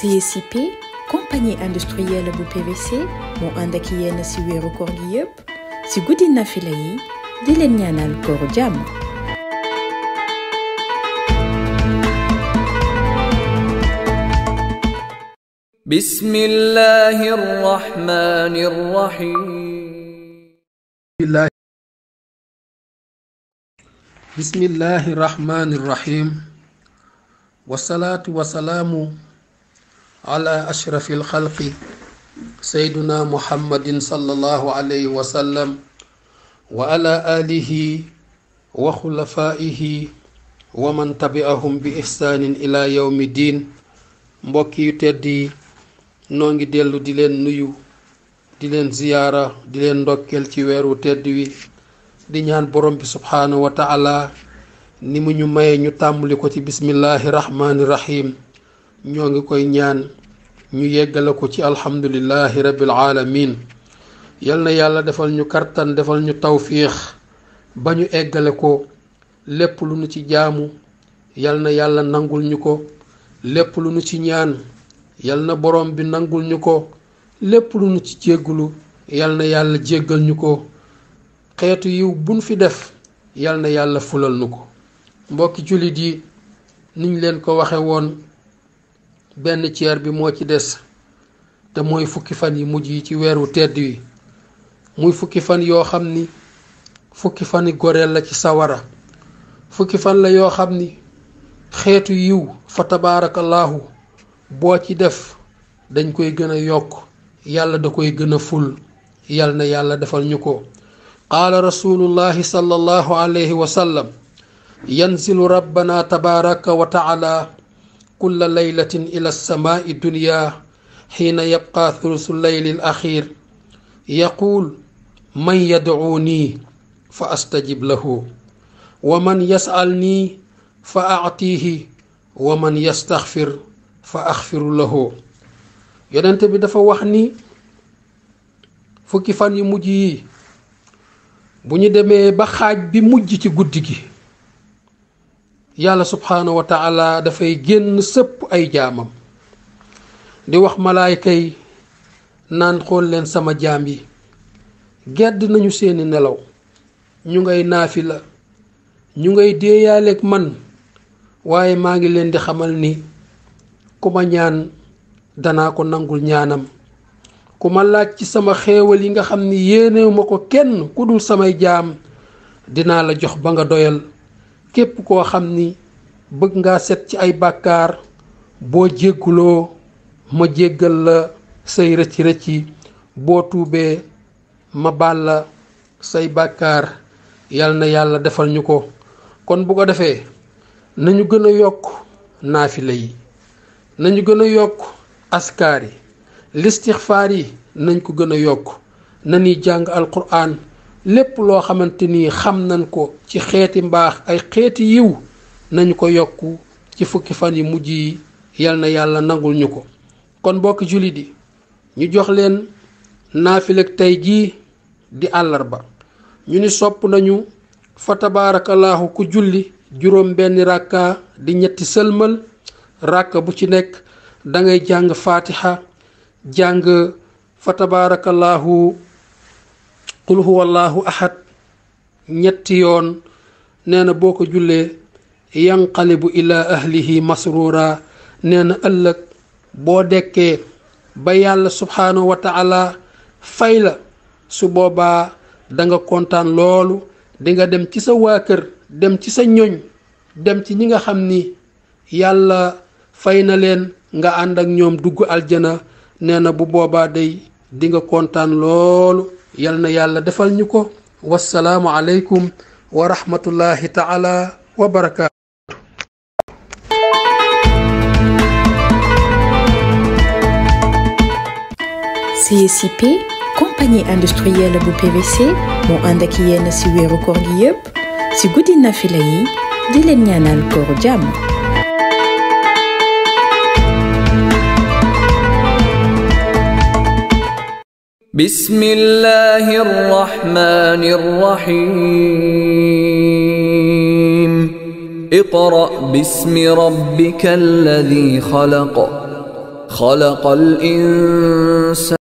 CSIP compagnie industrielle de PVC moo ànd ak yéen ci weeru koor yépp ci guddi nafila yi di bismillahi Rahman rahim bismillahi Rahmanir rahim wasalaatu wasalamu. على أشرف الخلق سيدنا محمد صلى الله عليه وسلم وعلى آله وخلفائه ومن تبعهم بإحسان إلى يوم الدين مبكي تدي نونغي ديلو ديلن نيو ديلن زيارة ديلن دوكيل تيويرو تدي دي نيان بروم سبحانه وتعالى نيمو ني مايي ني بسم الله الرحمن الرحيم ñoo ngi koy ñaan ñu yeggale ko ci alhamdulillahi rabbil alamin yal na yàlla defal ñu kartan defal ñu tawfiix ba ñu eggale ko lépp lu nu ci jaamu yal na yàlla nangul ñu ko lépp lu nu ci ñaan yal na borom bi nangul ñu ko lépp lu nu ci na yàlla jéggal ñu ko xeetu yiw buñ fi def yal na yàlla fulal nu ko mbokki jullit yi niñ leen ko waxe woon benn ceer bi moo ci des te mooy fukki fan yi mujj yi ci weeru tedd wi muy fukki fan yoo xam ni fukki fan goreel la ci sawara fukki fan la yoo xam ni xeetu yiw fa tabaarakallaahu boo ci def dañ koy gën a yokk yàlla da koy gën a ful yàlla na yàlla defal ñu ko qaala rasulullahi sallallahu alayhi wa yanzilu rabbana tabaraka wa taala كل ليلة إلى السماء الدنيا حين يبقى ثلث الليل الأخير يقول من يدعوني فأستجب له ومن يسألني فأعطيه ومن يستغفر فأغفر له يدنت بدفع وحني فكفاني ni بني دمي بخاج mujj yi yàlla subhaanahu wa dafay génn sëpp ay jaamam di wax malaayka yi naan xool leen sama jaam yi gedd nañu seeni nelaw ñu ngay naafi la ñu ngay déeyaaleeg man waaye maa ngi leen di xamal ni ku ma ñaan danaa ko nangul ñaanam ku ma laaj ci sama xéewal yi nga xam ni yéenewu ma ko kenn ku dul samay jaam dinaa la jox ba nga doyal képp koo xam ni bëgg nga seet ci ay bàkkaar boo jégguloo ma jéggal la say rëcci rëcci boo tuubee ma baal la say bàkkaar yal na yàlla defal ñu ko kon bu ko defee nañu gën a yokk naafila yi nañu gën a yokk askaar yi listixfaar yi nañ ko gën a yokk nañuy jàng alquraan lépp loo xamante ni xam nañ ko ci xeeti mbaax ay xeeti yiw nañ ko yokk ci fukki fan yi mujj yi yal na yàlla nangul ñu ko kon bokk jullit yi ñu jox leen naafileeg tey jii di àllarba ñu ni sopp nañu fa tabaarakallaahu ku julli juróom benn ràkka di ñetti sëlmal ràkka bu ci nekk dangay jàng faatiha jàng fa tabaarakallaahu qul huwa allahu ahad ñetti yoon nee na boo ko jullee bu ilaa ahlihi masruura nee na ëllëg boo dekkee ba yàlla subhaanahu wa taala fay la su boobaa danga kontaan loolu dinga dem ci sa waa kër dem ci sa ñoñ dem ci ñi nga xam ni yàlla fay na leen nga ànd ak ñoom dugg aljana nee bu boobaa day dinga kontaan loolu يلنا يلا دفل defal والسلام عليكم ورحمة الله تعالى وبركاته CSIP, compagnie industrielle bu PVC moo ànd ak yéen si wéeru koor gi yëpp si guddi nafila yi di leen ñaanal kooru jàmm بسم الله الرحمن الرحيم اقرأ باسم ربك الذي خلق خلق الإنسان